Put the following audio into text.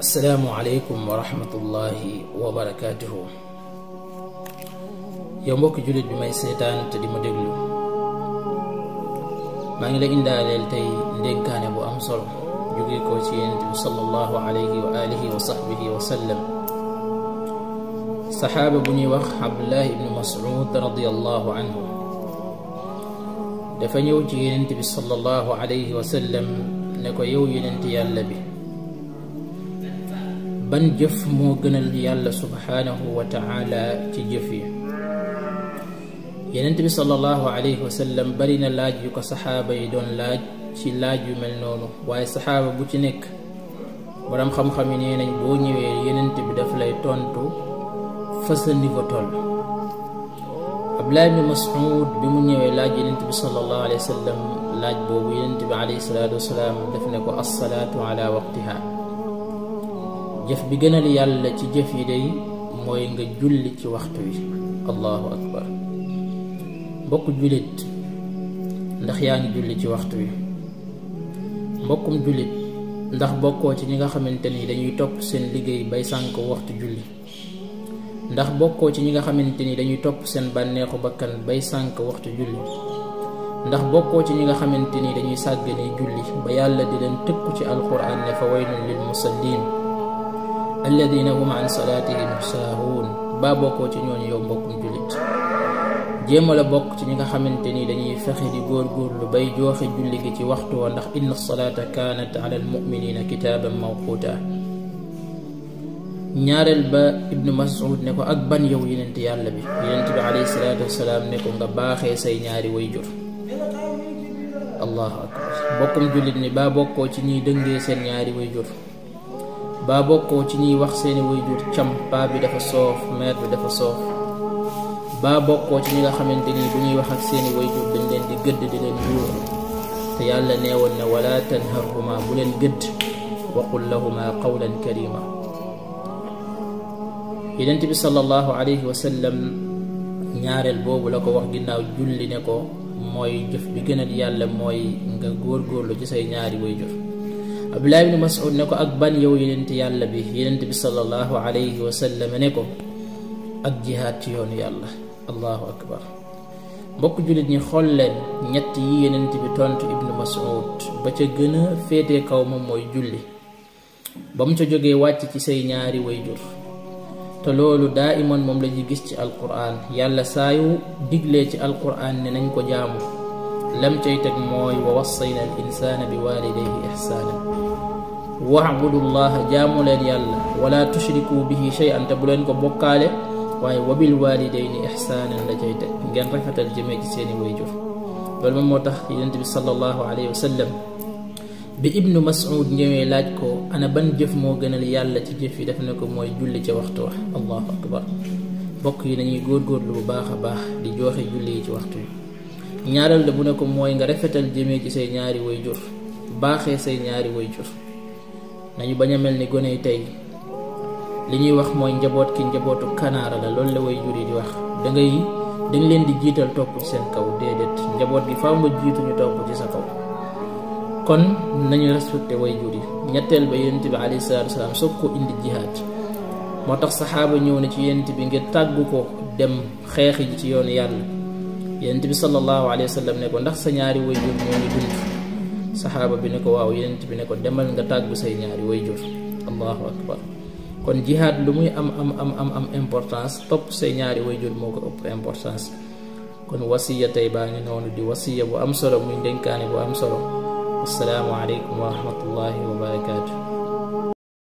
asalaamu aleykum wa rahmatullahi wa barakaatuhu yow mbokki jullit bi may seetaan te di ma déglu maa ngi la indaaleel tey ndénkaane bu am solo jóge ko ci yonent bi sallallahu alayhi wa alihi wa sahbihi wa sallam saxaaba bu ñuy wax abdullah ibnu mas'ud radiallahu anhu dafa ñëw ci yonent bi sallallahu alayhi wa sallam ne ko yow yonent yàlla bi ban jëf moo gënal yàlla subhaanahu wa taala ci jëf yi yenent bi sallallahu alayhi wa sallam bari na laaj yu ko saxaaba yi doon laaj ci laaj yu mel noonu waaye saxaaba bu ci nekk boroom xam-xam yi nee nañ boo ñëwee yenent bi daf lay tontu fa sa niveau toll Abdullah ibn Mas'ud bi mu ñëwee laaj yenent bi sallallahu alayhi wa sallam laaj boobu yenent bi alayhi salaatu wasalaam daf ne ko assalaatu ala waqtiha jëf bi gënal yàlla ci jëf yi day mooy nga julli ci waxtu wi allahu akbar mbokk jullit ndax yaa ngi julli ci waxtu wi mbokkum jullit ndax bokkoo ci ñi nga xamante ni dañuy topp seen liggéey bay sànk waxtu julli ndax bokkoo ci ñi nga xamante ni dañuy topp seen bànneexu bakkan bay sànk waxtu julli ndax bokkoo ci ñi nga xamante ni dañuy sàggane julli ba yàlla di leen tëkku ci alquran ne fa waylun lil musallin alladina hum an salaatihim saahuun baa bokkoo ci ñooñu yow mbokkum jullit jéemal a bokk ci ñi nga xamante ni dañuy fexe di góor góor lu bay jooxe julli gi ci waxtu ndax inna salaata kaanat ala almuminina kitaaban mawquuta ñaareel ba ibnu masud ak ban yow yenent yàlla bi yenent bi alayhi baaxee say ñaari way jur allahu bokkum jullit ni baa bokkoo ci ñuy dëngee seen ñaari way jur baa bokkoo ci ñuy wax seeni wayjur cam paa bi dafa soof mère bi dafa soof baa bokkoo ci ñi nga xamante ni bu ñuy wax ak seeni wayjur dañ leen di gëdd di leen yuur te yàlla neewoon na wala tanharhuma bu leen gëdd waqul lahuma qawlan karima yenent bi sallallahu alayhi wa sallam ñaareel boobu la ko wax ginnaaw julli ne ko mooy jëf bi gënal yàlla mooy nga góorgóorlu ci say ñaari wayjur abdullah ibnu masud ne ko ak ban yow yonent yàlla bi yonent bi sallallahu alayhi wa sallam ne ko ak jihaad ci yoon yàlla allahu akbar mbokk jullit ñi xool leen ñett yi yonent bi tontu ibnu masud ba ca gën a féete kaw moom mooy julli ba mu ca jógee wàcc ci say ñaari wayjur te loolu daa iman moom lañuy gis ci alquran yàlla saa yu diglee ci alquran ne nañ ko jaamu lam cay teg mooy wa wassayna al insaana bi waalidayhi ixsaanan waabudu llaha jaamu leen yàlla waa tushriku bi shay'an te bu leen ko bokkaale waaye wa bil waalidayni ixsaanan la cay teg ngeen rafetal jëmee ci seeni wayjur loolu moom moo tax yonent bi sallallahu alayhi wa sallam bi ibnu mas'ud ñëwee laaj ko ana ban jëf moo gënal yàlla ci jëf yi def na ko mooy julli ca waxtu wax allahu akbar bokk yi nañuy góorgóorlu bu baax a baax di jooxe julli yi ci waxtu yi ñaareel la bu ne ko mooy nga rafetal jëmee ci say ñaari way jur baaxe say ñaari way jur nañu bañ a mel ni gone yi tey li ñuy wax mooy njaboot ki njabootu kanaara la loolu la way jur yi di wax da ngay dañ leen di jiital topp seen kaw déedéet njaboot gi faaw nga jiitu ñu topp ci sa kaw kon nañu respecté way jur yi ñetteel ba yonent bi alayhi salaatu wasalaam soog ko indi jihaad moo tax saxaaba ñëw na ci yonent bi ngir tàggu ko dem xeex ji ci yoonu yàlla yonent bi sallallahu alayhi wa sallam ne ko ndax sa ñaari wayjur ñoo ngi dund saxaaba bi ne ko waaw yonent bi ne ko demal nga tàggu say ñaari wayjur allahu akbar kon jihaad lu muy am am am am importance topp say ñaari wayjur moo ko ëpp importance kon wasiya tey baa ngi noonu di wasiya bu am solo muy dénkaane bu am solo assalaamu aleykum wa rahmatullahi wa